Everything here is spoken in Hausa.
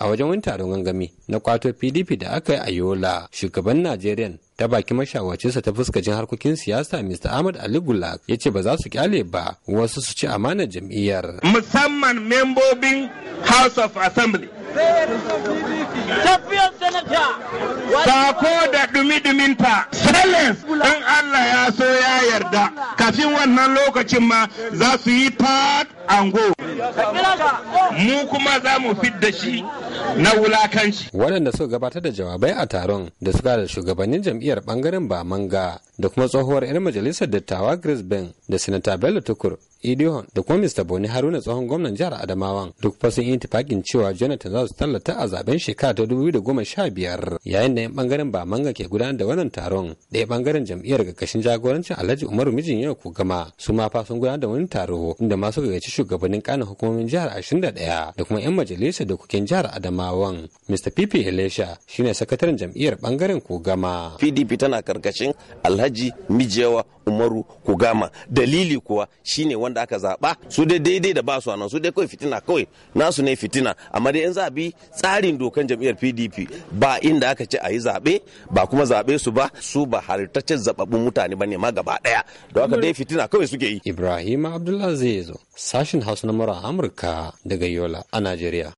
a wajen wani taron gangami na kwato pdp da aka yi a yola shugaban najeriya ta baki mashawarcinsa ta fuskacin harkokin siyasa mr ahmad ali gulak ya ce ba za su kyale ba wasu su ci amanar jam'iyyar musamman membobin house of assembly Sako da dumi-duminta, silence in Allah ya so ya yarda, kafin wannan lokacin ma za su yi part and go. Mu kuma za mu fit da shi na wulakanci. Waɗanda suka gabatar da jawabai a taron da suka da shugabannin jam'iyyar bangaren Bamanga da kuma tsohuwar 'yan majalisar dattawa Grace Ben da Sinata Bello Tukur idihon da kuma mr boni haruna tsohon gwamnan jihar adamawa duk fa sun yi tufakin cewa jonathan za su tallata a zaben shekara ta da goma sha biyar yayin da yan bangaren ba manga ke gudanar da wannan taron ɗaya bangaren jam'iyyar ƙarƙashin jagorancin alhaji umaru mijin yau ko gama su ma fa sun gudanar da wani taro inda masu suka shugabannin kanin hukumomin jihar ashirin da ɗaya da kuma yan majalisa da kuken jihar adamawan mr pipi helesha shine sakataren jam'iyyar bangaren ko gama pdp tana karkashin alhaji mijewa umaru kugama dalili kuwa shine wanda aka zaɓa su dai daidai da ba su nan su dai kawai fitina kawai nasu ne fitina amma dai in za bi tsarin dokan jam'iyyar pdp ba inda aka ce a yi zaɓe ba kuma zaɓe su ba su ba haritaccen zaɓaɓɓun mutane ba ne ma gaba ɗaya don haka dai fitina kawai suke yi ibrahim abdullah zai sashin hausa na mura amurka daga yola a najeriya